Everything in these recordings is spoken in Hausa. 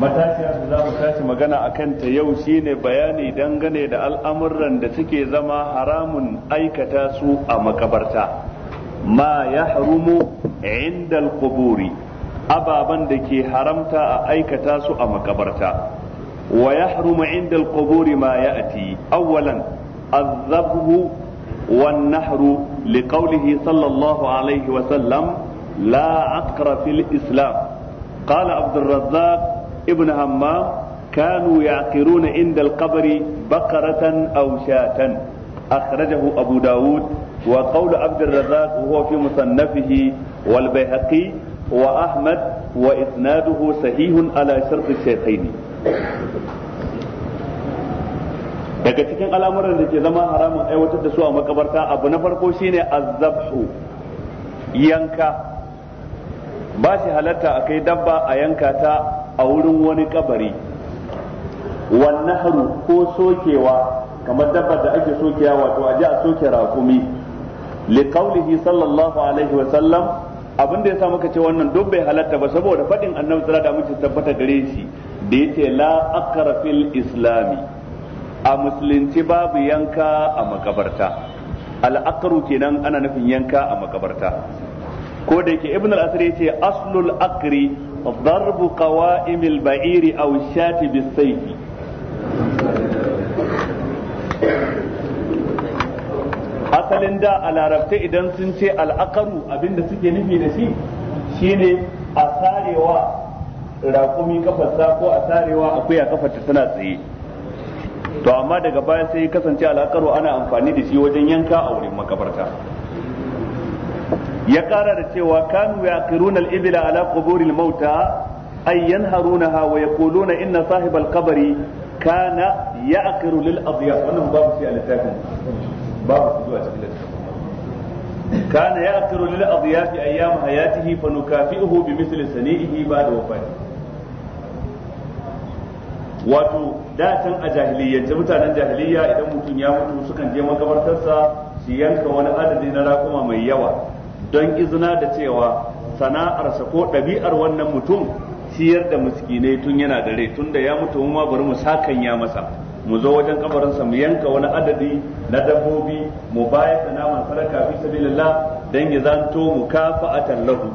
matashiya da za mu tashi magana a kanta yau shine bayani dangane da al'amuran da suke zama haramun aikata su a makabarta ma ya harumu inda alkuburi ababen da ke haramta a aikata su a makabarta wa ya harumu inda alkuburi ma ya ati awwalan azabhu wan nahru sallallahu alaihi wa sallam la aqra fil islam قال عبد الرزاق ibn hammam kanu yaqiruna inda al-qabri baqaratan aw shatan akhrajahu abu daud wa qawlu abd al-razzaq huwa fi musannafihi wal bayhaqi wa ahmad wa isnaduhu sahihun ala shart al-shaykhayn daga cikin al'amuran da ke zama haramun aiwatar da su a makabarta abu na farko shine azzabhu yanka ba shi halatta a kai dabba a yanka ta a wurin wani kabari wannan haru ko sokewa kamar dabbar da ake sokewa wato aje a soke rakumi li qawlihi sallallahu alaihi wa sallam abin da yasa muka ce wannan duk bai halatta ba saboda fadin annabi sallallahu alaihi wasallam tabbata gare shi da yace la akra fil islami a musulunci babu yanka a makabarta al'akaru kenan ana nufin yanka a makabarta ko da yake ibn al asri yace aslul akri ضرب قوائم البعير أو الشاة بالسيف asalin da a larabta idan sun ce al'akaru abinda suke nufi da shi shine a sarewa raƙumi kafarsa ko a sarewa akuya kafarta tana tsaye to amma daga baya sai kasance al'akaru ana amfani da shi wajen yanka a wurin makabarta ya kara da cewa kanu yaqiruna al-ibla ala quburil mauta ay yanharunaha wa yaquluna inna sahibal qabri kana yaqiru lil adyaf wannan babu shi a littafin babu zuwa cikin littafin كان يأكل للأضياف أيام حياته فنكافئه بمثل سنيئه بعد وفاته wato da datan a jahiliyyance mutanen jahiliya idan mutum ya mutu sukan je makabartarsa su yanka wani adadi na raƙuma mai yawa don izina da cewa sana'arsa ko ɗabi'ar wannan mutum siyar da miskinai tun yana da rai tun da ya mutu mu ma bari mu sakan ya masa mu zo wajen kabarinsa mu yanka wani adadi na dabbobi mu bayar da naman sadaka fi sabilillah dan ya zanto mu kafa'atan lahu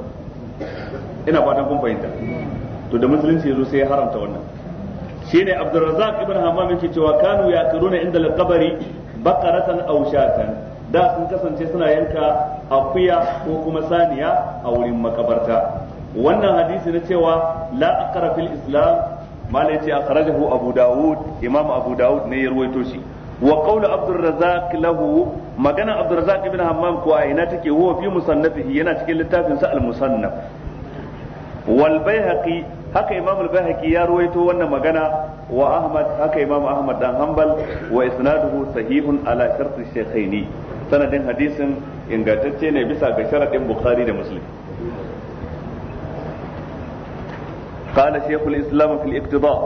ina fatan kun fahimta to da musulunci yazo sai ya haramta wannan shine Abdurrazzaq ibn Hammam yake cewa kanu yaqiruna inda al-qabri baqaratan aw shatan da sun kasance suna yanka akuya ko kuma saniya a wurin makabarta wannan hadisi na cewa la aqra fil islam malai ce akhrajahu abu daud imam abu daud ne ya ruwaito shi wa qawlu abdur lahu magana abdur ibn hammam ko aina take huwa fi musannafihi yana cikin littafin sa al musannaf wal baihaqi haka imam al baihaqi ya ruwaito wannan magana wa ahmad haka imam ahmad dan hanbal wa isnaduhu sahihun ala shartu shaykhaini sanadin hadisin ingantacce ne bisa ga sharadin bukhari da muslim قال شيخ الإسلام في الاقتضاء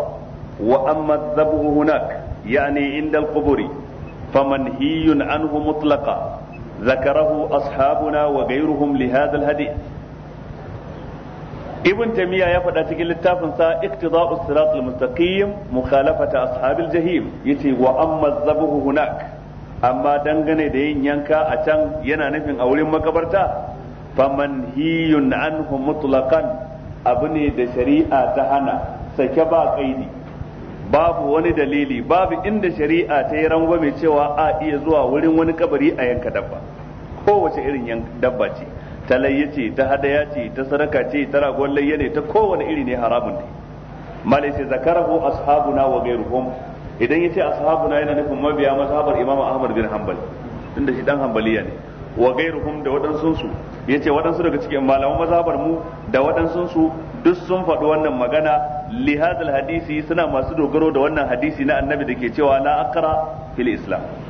وأما الذبح هناك يعني عند القبور فمنهي عنه مطلقا ذكره أصحابنا وغيرهم لهذا الحديث ابن تيمية يفعل تقل التافنسا اقتضاء الصراط المستقيم مخالفة أصحاب الجحيم يتي وأما الذبح هناك amma dangane da yin yanka a can yana nufin a wurin makabarta faman hiyun an mutlaqan abu ne da shari'a ta hana sake ba kaidi babu wani dalili babu inda shari'a ta yi rangwame cewa a iya zuwa wurin wani kabari a yanka dabba kowace irin dabba ce ta layya ce ta hadaya ce ta sadaka ce ta ragon layya ne ta kowane iri ne haramun ne malai zakarahu ashabuna wa gairuhum idan yace ashabuna yana nufin mabiya mazhabar imamu ahmad bin hanbal tunda shi dan hanbaliya ne wa gairuhum da waɗansu su yace waɗansu daga cikin malaman mazhabar mu da waɗansu su duk sun faɗi wannan magana li hadisi suna masu dogaro da wannan hadisi na annabi da ke cewa la akra fil islam